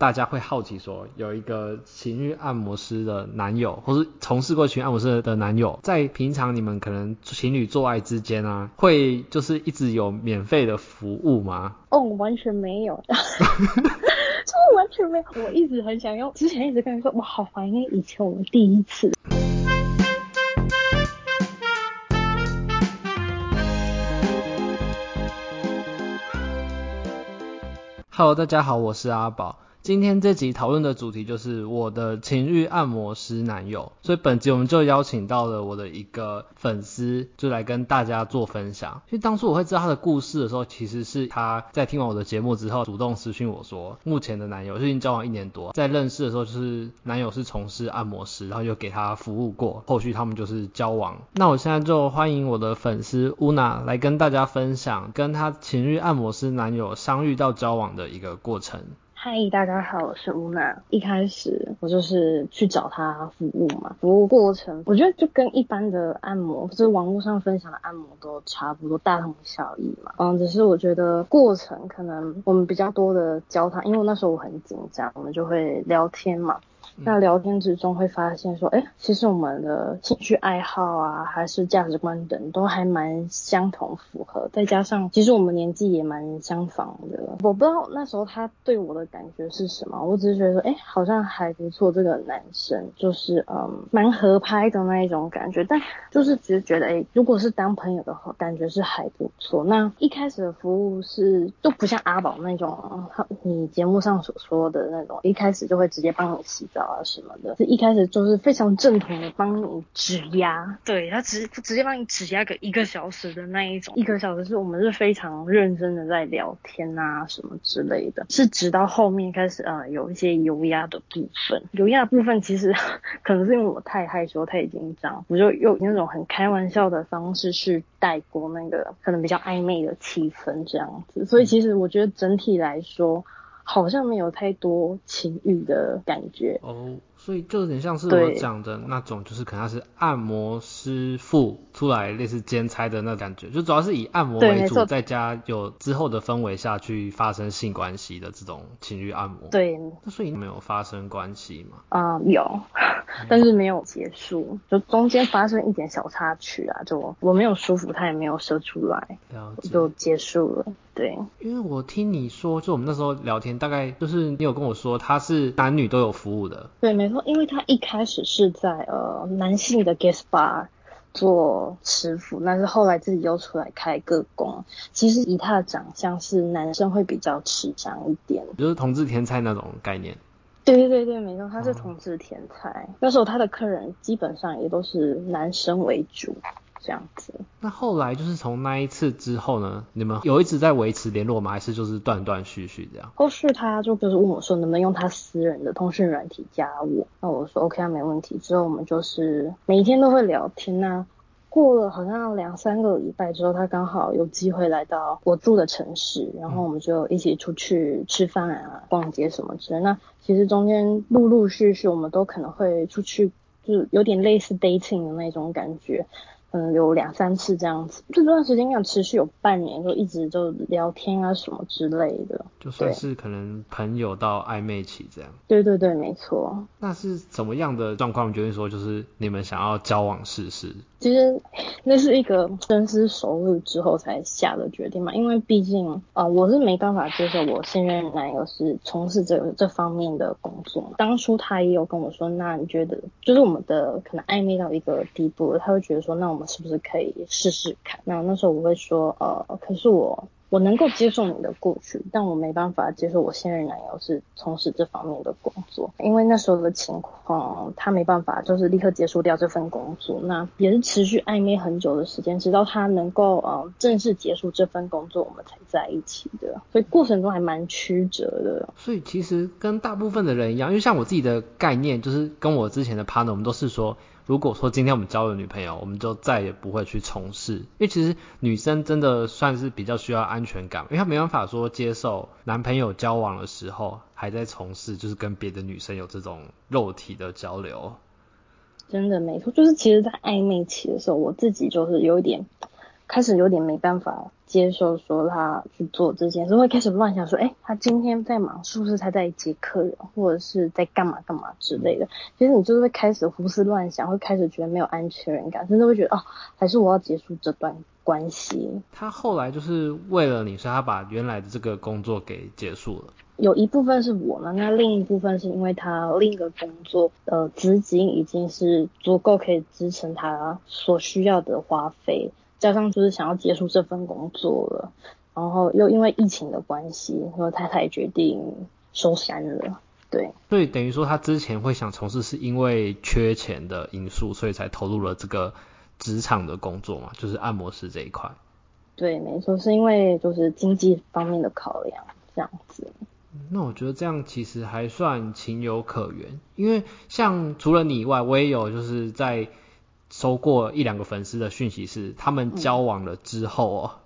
大家會好奇說，有一個情慾按摩師的男友，或是從事過情慾按摩師的男友，在平常你們可能情侶做愛之間啊，會就是一直有免費的服務嗎？哦，完全沒有，這 完全沒有，我一直很想用，之前一直跟人說，我好懷念以前我們第一次。 Hello，大家好，我是阿寶。今天這集討論的主題就是我的情慾按摩師男友，所以本集我們就邀請到了我的一個粉絲，就來跟大家做分享。其實當初我會知道他的故事的時候，其實是他在聽完我的節目之後，主動私訊我說，目前的男友最近交往一年多，在認識的時候就是男友是從事按摩師，然後就給他服務過，後續他們就是交往。那我現在就歡迎我的粉絲 Una 來跟大家分享，跟他情欲按摩師男友相遇到交往的一個過程。嗨，Hi, 大家好，我是 Una。一開始我就是去找他服務嘛，服務過程我覺得就跟一般的按摩，就是網絡上分享的按摩都差不多，大同小異嘛。嗯，只是我覺得過程可能我們比較多的交談，因為我那時候我很緊張，我們就會聊天嘛。那聊天之中會發現說，哎，其實我們的興趣愛好啊，還是價值觀等都還蠻相同符合，再加上其實我們年紀也蠻相仿的。我不知道那時候他對我的感覺是什麼，我只是覺得說，哎，好像還不錯。這個男生就是，嗯，蠻合拍的那一種感覺，但就是只是覺得，哎，如果是當朋友的話，感覺是還不錯。那一開始的服務是就不像阿寶那種，你節目上所說的那種，一開始就會直接幫你洗澡。啊什麼的，這一開始就是非常正統的幫你指壓，對他直直接幫你指壓個一個小時的那一種，一個小時是我們是非常認真的在聊天啊什麼之類的，是直到後面開始呃有一些油壓的部分，油壓部分其實可能是因為我太害羞，他已經這樣，我就用那種很開玩笑的方式去帶過那個可能比較曖昧的氣氛這樣子，所以其實我覺得整體來說。嗯好像沒有太多情慾的感覺哦，所以就有點像是我講的那種，就是可能是按摩師傅出來類似兼差的那感覺，就主要是以按摩為主，對在家有之後的氛圍下去發生性關係的這種情慾按摩。對，所以沒有發生關係嘛？啊、嗯，有，但是沒有結束，就中間發生一點小插曲啊，就我沒有舒服，他也沒有射出來，解我就結束了。對，因為我聽你說，就我們那時候聊天，大概就是你有跟我說他是男女都有服務的。對，沒錯，因為他一開始是在呃男性的 gas bar 做師傅，但是後來自己又出來開個工。其實以他的長相是男生會比較吃香一點，就是同志天菜那種概念。對對對對，沒錯，他是同志天菜，哦、那時候他的客人基本上也都是男生為主。這樣子，那後來就是從那一次之後呢，你們有一直在維持聯絡嗎？還是就是斷斷續續這樣？後續他就就是問我說能不能用他私人的通訊軟體加我，那我說 OK 啊，沒問題。之後我們就是每一天都會聊天吶、啊。過了好像兩三個禮拜之後，他剛好有機會來到我住的城市，然後我們就一起出去吃飯啊、嗯、逛街什麼之類的。那其實中間陸陸續續我們都可能會出去，就有點類似 dating 的那種感覺。嗯，有兩三次這樣子，就這段時間應該持續有半年，就一直就聊天啊什麼之類的，就算是可能朋友到曖昧期這樣。對，對對對，沒錯。那是怎麼樣的狀況？決定說就是你們想要交往試試。其實那是一個深思熟慮之後才下的決定嘛，因為畢竟啊、呃，我是沒辦法接受我現任男友是從事這個、這方面的工作嘛。當初他也有跟我說，那你覺得就是我們的可能曖昧到一個地步，他會覺得說，那我們是不是可以試試看？那那時候我會說，呃，可是我。我能夠接受你的過去，但我沒辦法接受我現任男友是從事這方面的工作，因為那時候的情況，他沒辦法就是立刻結束掉這份工作，那也是持續曖昧很久的時間，直到他能夠嗯，呃，正式結束這份工作，我們才在一起的，所以過程中還蠻曲折的。所以其實跟大部分的人一樣，因為像我自己的概念，就是跟我之前的 partner，我們都是說。如果說今天我們交了女朋友，我們就再也不會去從事，因為其實女生真的算是比較需要安全感，因為她沒辦法說接受男朋友交往的時候還在從事，就是跟別的女生有這種肉體的交流。真的沒錯，就是其實，在曖昧期的時候，我自己就是有一點。開始有點沒辦法接受，說他去做這件事，會開始亂想說，哎，他今天在忙，是不是他在接客人，或者是在幹嘛幹嘛之類的？其實你就是會開始胡思亂想，會開始覺得沒有安全感，甚至會覺得，哦，還是我要結束這段關係。他後來就是為了你說，他把原來的這個工作給結束了。有一部分是我呢，那另一部分是因為他另一個工作，呃，資金已經是足夠可以支撐他所需要的花費。加上就是想要結束這份工作了，然後又因為疫情的關係，所以他才決定收山了。對，所以等於說他之前會想從事，是因為缺錢的因素，所以才投入了這個職場的工作嘛，就是按摩師這一塊。對，沒錯，是因為就是經濟方面的考量這樣子。那我覺得這樣其實還算情有可原，因為像除了你以外，我也有就是在。收過一兩個粉絲的訊息是，他們交往了之後、哦嗯、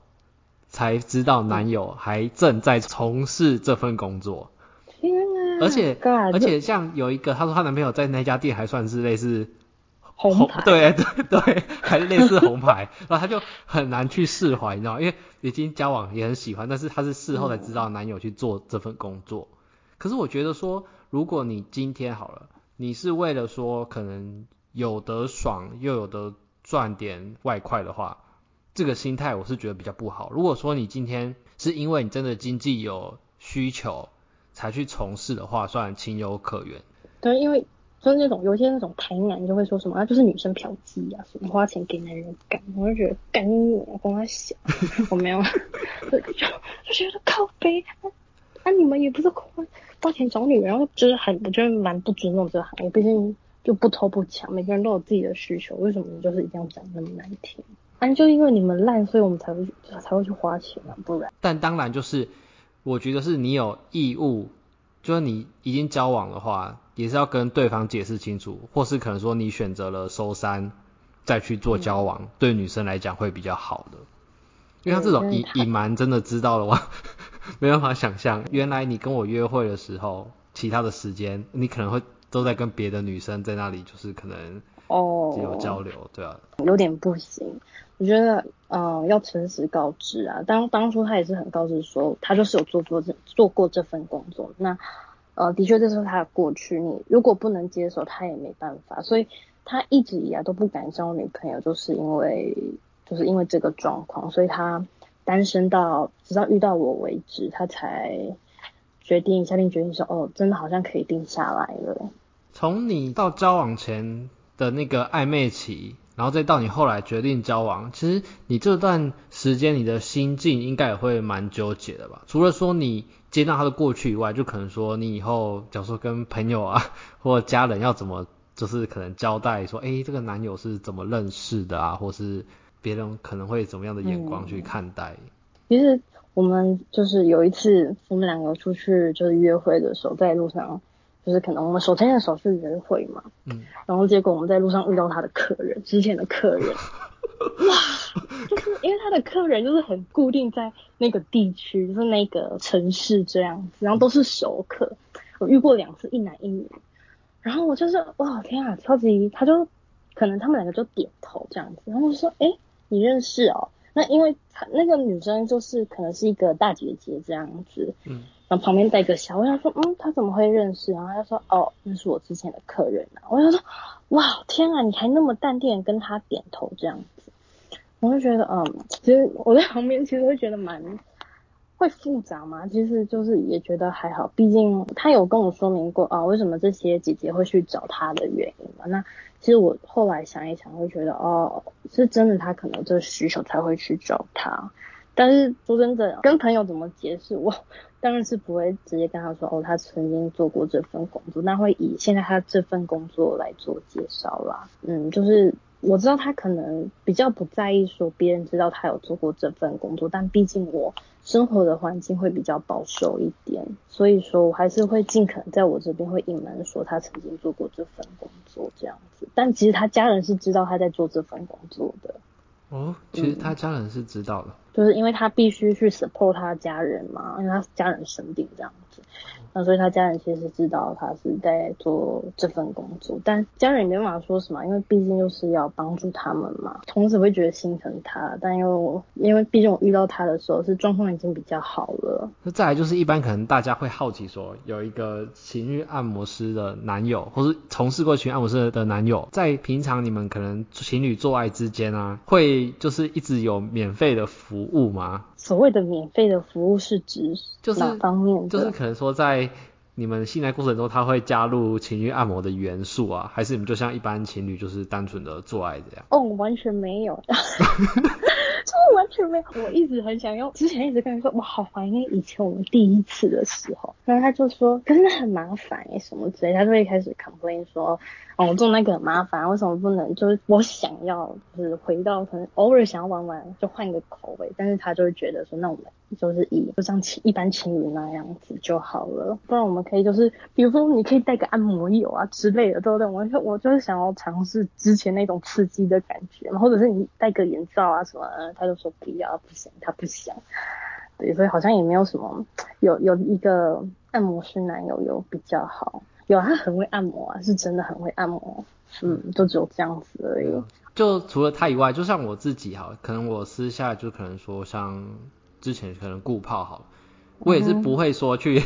才知道男友還正在從事這份工作。天哪且啊！而且而且像有一個，她說她男朋友在那家店還算是類似紅，紅台對對對，還是類似紅牌， 然後他就很難去釋懷，你知道嗎？因為已經交往也很喜歡，但是他是事後才知道男友去做這份工作。嗯、可是我覺得說，如果你今天好了，你是為了說可能。有得爽，又有得賺點外快的話，這個心態我是覺得比較不好。如果說你今天是因為你真的經濟有需求才去從事的話，算情有可原。對，因為就是那種有些那種台男就會說什麼，就是女生嫖妓啊，什麼花錢給男人幹，我就覺得幹你啊，光想， 我沒有，就,就覺得靠背，那、啊啊、你們也不是花花錢找女人，然後就是很，我覺得蠻不尊重這行業，畢竟。就不偷不搶，每個人都有自己的需求，為什麼你就是一定要講那麼難聽？啊就因為你們爛，所以我們才會去才會去花錢啊。不然。但當然就是，我覺得是你有義務，就是你已經交往的話，也是要跟對方解釋清楚，或是可能說你選擇了收山，再去做交往，嗯、對女生來講會比較好的。因為像這種隱隱瞞，真的知道的話，嗯、 沒辦法想象，原來你跟我約會的時候，其他的時間你可能會。都在跟別的女生在那裡，就是可能哦有交流，oh, 對啊，有點不行，我覺得嗯、呃，要誠實告知啊。當當初他也是很告知說，他就是有做做這做過這份工作。那呃的確這是他的過去，你如果不能接受，他也沒辦法。所以他一直以來都不敢交女朋友，就是因為就是因為這個狀況，所以他單身到直到遇到我為止，他才決定下定決心說，哦，真的好像可以定下來了。從你到交往前的那個曖昧期，然後再到你後來決定交往，其實你這段時間你的心境應該也會蠻糾結的吧？除了說你接納他的過去以外，就可能說你以後，假如說跟朋友啊或者家人要怎麼，就是可能交代說，哎、欸，這個男友是怎麼認識的啊？或是別人可能會怎麼樣的眼光去看待？嗯、其實我們就是有一次，我們兩個出去就是約會的時候，在路上。就是可能我們手牽着手去約會嘛，嗯，然後結果我們在路上遇到他的客人，之前的客人， 哇，就是因為他的客人就是很固定在那個地區，就是那個城市這樣子，然後都是熟客，我遇過兩次，一男一女，然後我就是哇天啊，超級，他就可能他們兩個就點頭這樣子，然後我就說哎、欸，你認識哦？那因為他那個女生就是可能是一個大姐姐這樣子，嗯，然後旁邊帶個小，我想說，嗯，她怎麼會認識？然後他說，哦，那是我之前的客人啊。我想說，哇，天啊，你還那麼淡定跟他點頭這樣子，我就覺得，嗯，其實我在旁邊其實會覺得蠻。會複雜嗎？其實就是也覺得還好，畢竟他有跟我說明過啊，為什麼這些姐姐會去找他的原因嘛。那其實我後來想一想，會覺得哦，是真的他可能這需求才會去找他。但是說真的，跟朋友怎麼解釋，我當然是不會直接跟他說哦，他曾經做過這份工作，那會以現在他這份工作來做介紹啦。嗯，就是。我知道，他可能比較不在意說別人知道他有做過這份工作，但畢竟我生活的環境會比較保守一點，所以說我還是會盡可能在我這邊會隱瞞說他曾經做過這份工作這樣子。但其實他家人是知道他在做這份工作的。哦，其實他家人是知道的。嗯就是因為他必須去 support 他家人嘛，因為他家人生病這樣子，那所以他家人其實知道他是在做這份工作，但家人也沒辦法說什麼，因為畢竟就是要幫助他們嘛，同時會覺得心疼他，但又因為畢竟我遇到他的時候是狀況已經比較好了。那再來就是一般可能大家會好奇說，有一個情慾按摩師的男友，或是從事過情慾按摩師的男友，在平常你們可能情侶做愛之間啊，會就是一直有免費的服務。服務嗎？所謂的免費的服務是指哪方面的，就是？就是可能說在。你們性愛過程中他會加入情侶按摩的元素啊，還是你們就像一般情侶就是單純的做愛這樣？哦，oh, 完全沒有， 就完全沒有。我一直很想要，之前一直跟他說我好懷念以前我們第一次的時候，然後他就說可是那很麻煩哎，什麼之類，他就會開始 complain 說，哦，我做那個很麻煩，為什麼不能就是我想要就是回到可能偶爾想要玩玩就換個口味，但是他就會覺得說那我們。就是以，就像情一般情侶那樣子就好了，不然我們可以就是，比如說你可以帶個按摩油啊之類的對不對？我就我就是想要嘗試之前那種刺激的感覺嘛，或者是你戴個眼罩啊什麼啊，他就說不要不行，他不想，對，所以好像也沒有什麼，有有一個按摩師男友有比較好，有、啊、他很會按摩啊，是真的很會按摩，嗯，是就只有這樣子而已、嗯，就除了他以外，就像我自己哈，可能我私下就可能說像。之前可能固炮好了，我也是不會說去、嗯、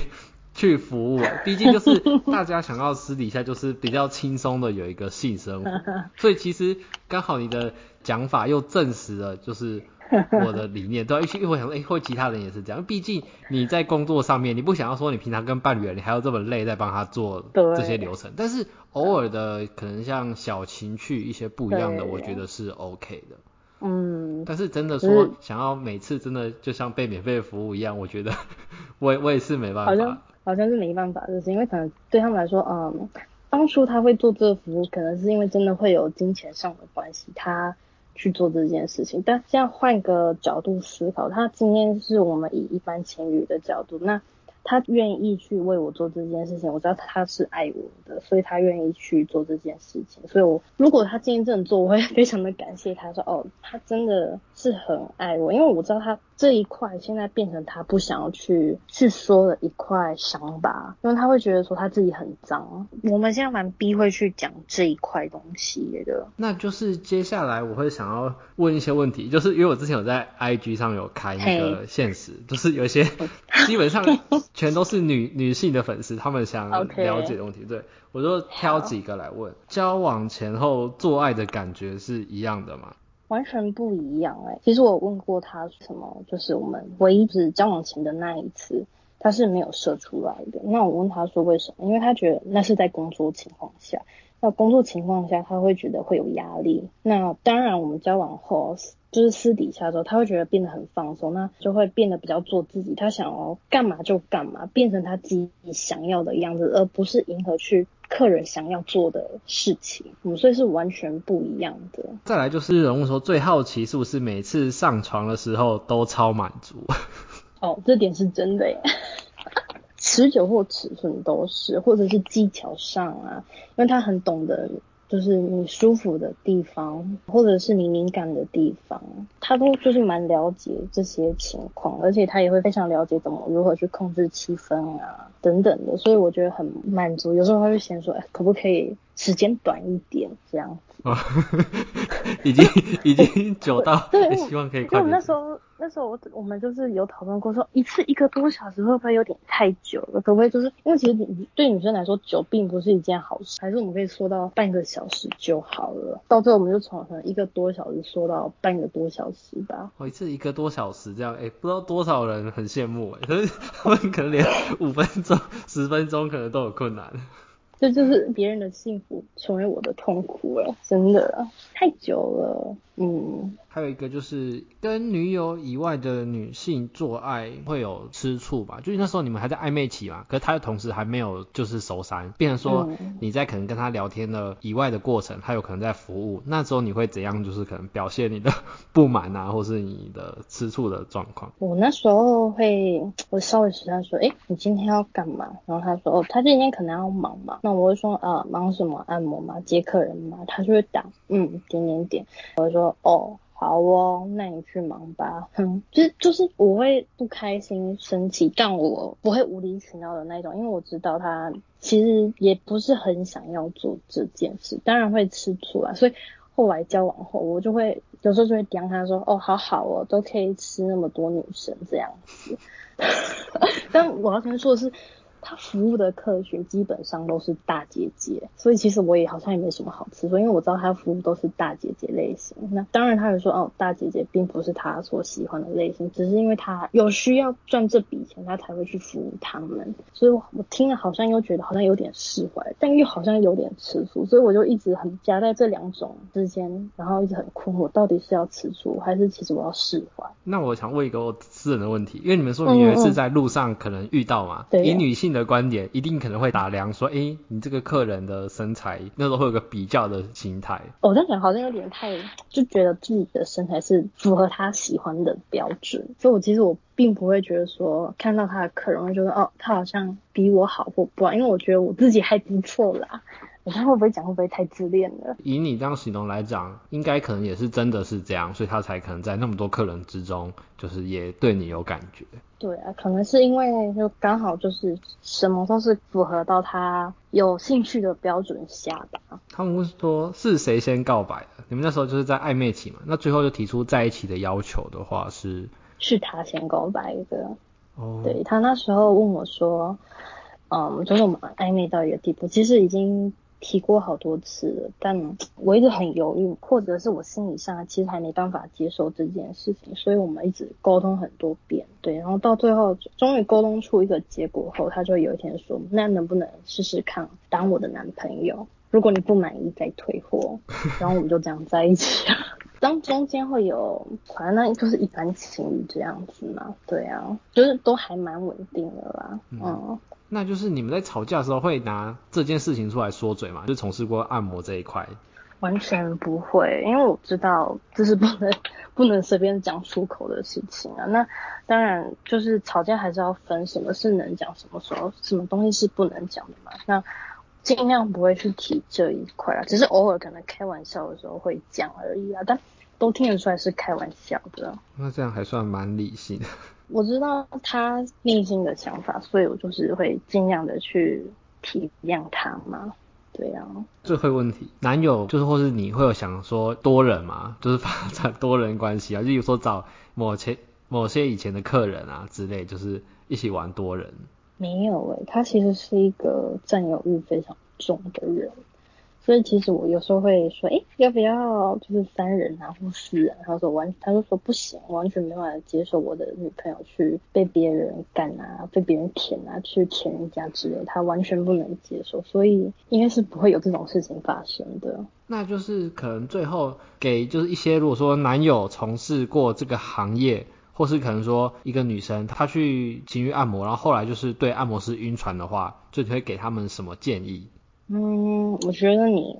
去服務，畢竟就是大家想要私底下就是比較輕鬆的有一個性生活， 所以其實剛好你的講法又證實了就是我的理念，對，因為我想說哎，或、欸、其他人也是這樣，畢竟你在工作上面你不想要說你平常跟伴侶你還要這麼累在幫他做這些流程，對但是偶爾的可能像小情趣一些不一樣的，我覺得是 OK 的。嗯，但是真的說想要每次真的就像被免費服務一樣，是我覺得我我也是沒辦法，好像，好像是沒辦法，就是因為可能對他們來說，嗯，當初他會做這個服務，可能是因為真的會有金錢上的關係，他去做這件事情。但現在換個角度思考，他今天是我們以一般情侶的角度，那。他願意去為我做這件事情，我知道他是愛我的，所以他願意去做這件事情。所以，我如果他今天這樣做，我會非常的感謝他說，說哦，他真的是很愛我，因為我知道他。這一塊現在變成他不想要去去說的一塊傷疤，因為他會覺得說他自己很髒。我們現在蠻避諱去講這一塊東西的。那就是接下來我會想要問一些問題，就是因為我之前有在 IG 上有開一個現實，Hey. 就是有一些基本上全都是女 女性的粉絲，他們想了解的問題 Okay. 對，我就挑幾個來問。好交往前後做愛的感覺是一樣的嗎？完全不一樣哎，欸，其實我問過他什麼，就是我們唯一就是交往前的那一次，他是沒有射出來的。那我問他說為什麼，因為他覺得那是在工作情況下，那工作情況下他會覺得會有壓力。那當然我們交往後，就是私底下的時候，他會覺得變得很放鬆，那就會變得比較做自己，他想要幹嘛就幹嘛，變成他自己想要的樣子，而不是迎合去客人想要做的事情，我們所以是完全不一樣的。再來就是人物說，最好奇是不是每次上床的時候都超滿足？哦，這點是真的耶， 持久或尺寸都是，或者是技巧上啊，因為他很懂得。就是你舒服的地方，或者是你敏感的地方，他都就是蠻了解這些情況，而且他也會非常了解怎麼如何去控制氣氛啊等等的，所以我覺得很滿足。有時候他會先說，哎、欸，可不可以？時間短一點這樣子，已經已經久到 對、欸、希望可以。就那時候，那時候我我們就是有討論過，說一次一個多小時會不會有點太久了？可不可以就是因為其實對女生來說，久並不是一件好事，還是我們可以說到半個小時就好了。到最後我們就從可能一個多小時說到半個多小時吧。哦、一次一個多小時這樣，誒、欸、不知道多少人很羨慕哎、欸，可是他們可能連五分鐘、十分鐘可能都有困難。這就是別人的幸福，成為我的痛苦了，真的太久了。嗯，還有一個就是跟女友以外的女性做愛會有吃醋吧？就是那時候你們還在曖昧期嘛，可是他的同時還沒有就是熟悉，變成說你在可能跟他聊天的以外的過程，他有可能在服務，嗯、那時候你會怎樣？就是可能表現你的不滿啊，或是你的吃醋的狀況？我、哦、那時候會我稍微跟他說，哎、欸，你今天要幹嘛？然後他說，哦，他今天可能要忙嘛。那我會說，啊，忙什麼？按摩嘛，接客人嘛。他就會打，嗯，點點點。我說。哦，好哦，那你去忙吧。哼、嗯，就是就是，我會不開心、生氣，但我不會無理取鬧的那種，因為我知道他其實也不是很想要做這件事，當然會吃醋啊。所以後來交往後，我就會有時候就會講他說：“哦，好好哦，都可以吃那麼多女生這樣子。 ”但我要先說的是。他服務的客群基本上都是大姐姐，所以其實我也好像也沒什麼好吃醋，因為我知道他服務都是大姐姐類型。那當然，他有說哦，大姐姐並不是他所喜歡的類型，只是因為他有需要賺這筆錢，他才會去服務他們。所以我我聽了好像又覺得好像有點釋懷，但又好像有點吃醋，所以我就一直很夾在這兩種之間，然後一直很困惑，到底是要吃醋還是其實我要釋懷？那我想問一個我私人的問題，因為你們說你們原來是在路上可能遇到嘛？對，以女性的觀點一定可能會打量說，哎、欸，你這個客人的身材，那時候會有個比較的形態。我在想，好像有點太，就覺得自己的身材是符合他喜歡的標準。所以，我其實我並不會覺得說，看到他的客人，會覺得哦，他好像比我好或不好，因為我覺得我自己還不錯啦。他會不會講，會不會太自戀了？以你這樣形容來講，應該可能也是真的是這樣，所以他才可能在那麼多客人之中，就是也對你有感覺。對啊，可能是因為就剛好就是什麼都是符合到他有興趣的標準下吧。他們不是說是誰先告白的？你們那時候就是在曖昧期嘛？那最後就提出在一起的要求的話是是他先告白的。哦，oh，對，他那時候問我說，嗯，就是我們曖昧到一個地步，其實已經。提過好多次了，但我一直很猶豫，或者是我心理上其實還沒辦法接受這件事情，所以我們一直溝通很多遍，對，然後到最後終於溝通出一個結果後，他就有一天說，那能不能試試看當我的男朋友？如果你不滿意再退貨，然後我們就這樣在一起了啊。 當中間會有，反正就是一般情侶這樣子嘛，對啊，就是都還蠻穩定的啦，嗯。嗯那就是你們在吵架的時候會拿這件事情出來說嘴嗎？就是、從事過按摩這一塊？完全不會，因為我知道這是不能不能隨便講出口的事情啊。那當然就是吵架還是要分什麼是能講，什麼時候什麼東西是不能講的嘛。那盡量不會去提這一塊啊，只是偶爾可能開玩笑的時候會講而已啊。但都聽得出來是開玩笑的。那這樣還算蠻理性的。我知道他內心的想法，所以我就是會盡量的去體諒他嘛，對啊。最後一個問題，男友就是或是你會有想說多人嘛，啊，就是發展多人關係啊，就比如說找某些某些以前的客人啊之類，就是一起玩多人。沒有誒、欸，他其實是一個佔有慾非常重的人。所以其實我有時候會說，哎、欸，要不要就是三人啊，或四人？然後說完，他就說不行，我完全沒辦法接受我的女朋友去被別人幹啊，被別人舔啊，去舔人家之類，他完全不能接受。所以應該是不會有這種事情發生的。那就是可能最後給就是一些如果說男友從事過這個行業，或是可能說一個女生她去情慾按摩，然後後來就是對按摩師暈船的話，最你會給他們什麼建議？嗯，我覺得你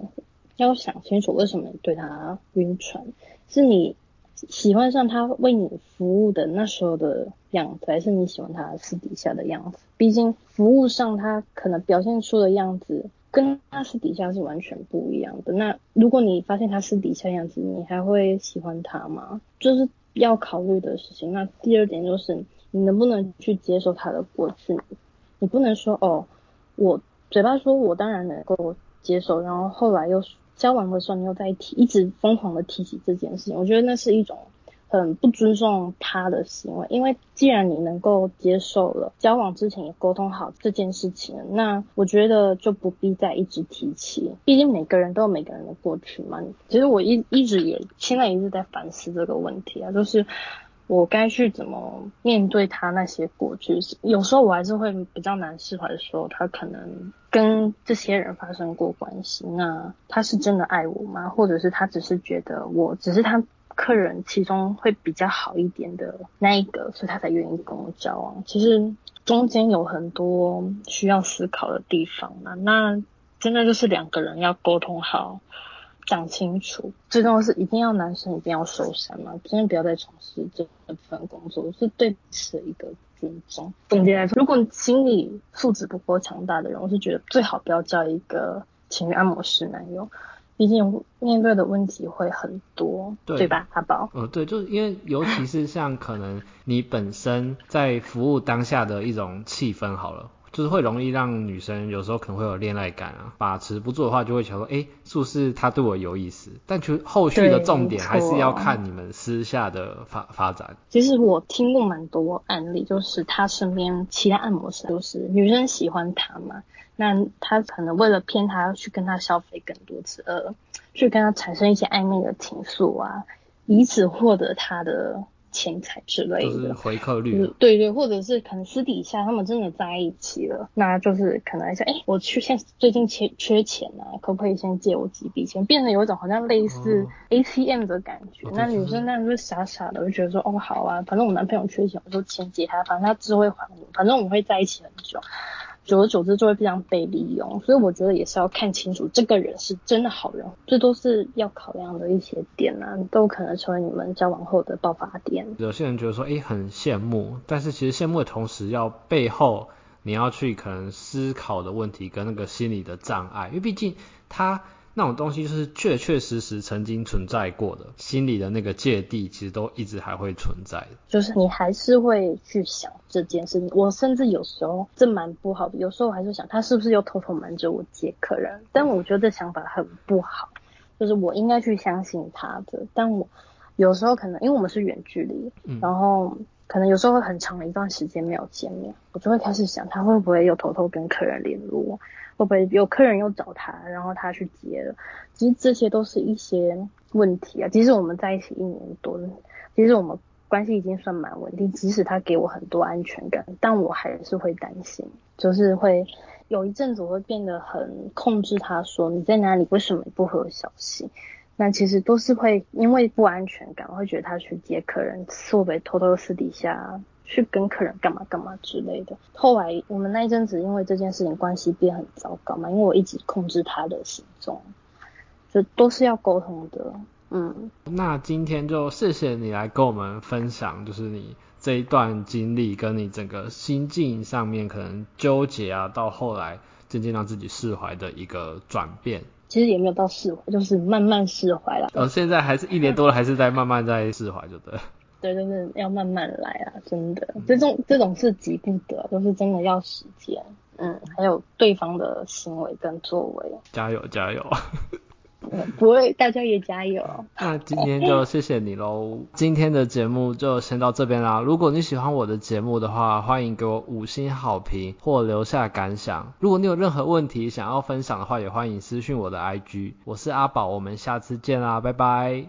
要想清楚，為什麼你對他暈船？是你喜歡上他為你服務的那時候的樣子，還是你喜歡他私底下的樣子？畢竟服務上他可能表現出的樣子，跟他私底下是完全不一樣的。那如果你發現他私底下樣子，你還會喜歡他嗎？就是要考慮的事情。那第二點就是，你能不能去接受他的過去？你不能說哦，我。嘴巴說，我當然能夠接受，然後後來又交往的時候，你又再提，一直瘋狂的提起這件事情，我覺得那是一種很不尊重他的行為。因為既然你能夠接受了，交往之前也溝通好這件事情，那我覺得就不必再一直提起。畢竟每個人都有每個人的過去嘛。其實我一一直也現在一直在反思這個問題啊，就是。我該去怎麼面對他那些過去？有時候我還是會比較難釋懷，說他可能跟這些人發生過關係，那他是真的愛我嗎？或者是他只是覺得我只是他客人其中會比較好一點的那一個，所以他才願意跟我交往。其實中間有很多需要思考的地方嘛，那真的就是兩個人要溝通好。講清楚，最重要是一定要男生一定要收山嘛，真的不要再從事這份工作，是對彼此一個尊重。總結來說，誒誒如果心理素質不夠強大的人，我是覺得最好不要叫一個情慾按摩師男友，畢竟面對的問題會很多，對，對吧，阿寶？呃、嗯，對，就是因為尤其是像可能你本身在服務當下的一種氣氛，好了。就是會容易讓女生有時候可能會有戀愛感啊，把持不住的話就會想說，哎、欸，是不是他對我有意思？但其實後續的重點還是要看你們私下的發發展。其實我聽過蠻多案例，就是他身邊其他按摩師都是女生喜歡他嘛，那他可能為了騙他，要去跟他消費更多次，而去跟他產生一些曖昧的情愫啊，以此獲得他的。錢財之類的，回扣率、嗯，對對，或者是可能私底下他們真的在一起了，那就是可能像哎、欸，我去，現最近缺缺錢啊，可不可以先借我幾筆錢？變成有一種好像類似 ATM 的感覺。那、哦、女生那樣就傻傻的就覺得說，哦，好啊，反正我男朋友缺錢，我就錢借他，反正他自會還我，反正我們會在一起很久。久而久之就會非常被利用。哦，所以我覺得也是要看清楚這個人是真的好人，這都是要考量的一些點吶、啊，都有可能成為你們交往後的爆發點。有些人覺得說，哎、欸，很羨慕，但是其實羨慕的同時，要背後你要去可能思考的問題跟那個心理的障礙，因為畢竟他。那種東西就是確確實實曾經存在過的，心裡的那個芥蒂其實都一直還會存在的，就是你還是會去想這件事情。我甚至有時候這蠻不好的，有時候我還是想，他是不是又偷偷瞞着我接客人，嗯、但我覺得這想法很不好，就是我應該去相信他的。但我有時候可能因為我們是遠距離，嗯、然後。可能有時候會很長一段時間沒有見面，我就會開始想他會不會又偷偷跟客人聯絡，會不會有客人又找他，然後他去接了。其實這些都是一些問題啊。其實我們在一起一年多，其實我們關係已經算蠻穩定。即使他給我很多安全感，但我還是會擔心，就是會有一陣子我會變得很控制他，說你在哪裡？為什麼不回我消息？那其實都是會因為不安全感，會覺得他去接客人，會不會偷偷私底下去跟客人幹嘛幹嘛之類的。後來我們那一陣子因為這件事情關係變很糟糕嘛，因為我一直控制他的行蹤，就都是要溝通的。嗯，那今天就謝謝你來跟我們分享，就是你這一段經歷跟你整個心境上面可能糾結啊，到後來漸漸讓自己釋懷的一個轉變。其實也沒有到釋懷，就是慢慢釋懷了。到、哦、現在還是一年多了，還是在慢慢在釋懷，就對。對，就是要慢慢來啊，真的。嗯、這種這種事急不得，就是真的要時間。嗯，還有對方的行為跟作為。加油加油！加油 不會，大家也加油。 那今天就謝謝你嘍，今天的節目就先到這邊啦。如果你喜歡我的節目的話，歡迎給我五星好評或留下感想。如果你有任何問題想要分享的話，也歡迎私訊我的 IG。我是阿寶，我們下次見啦，拜拜。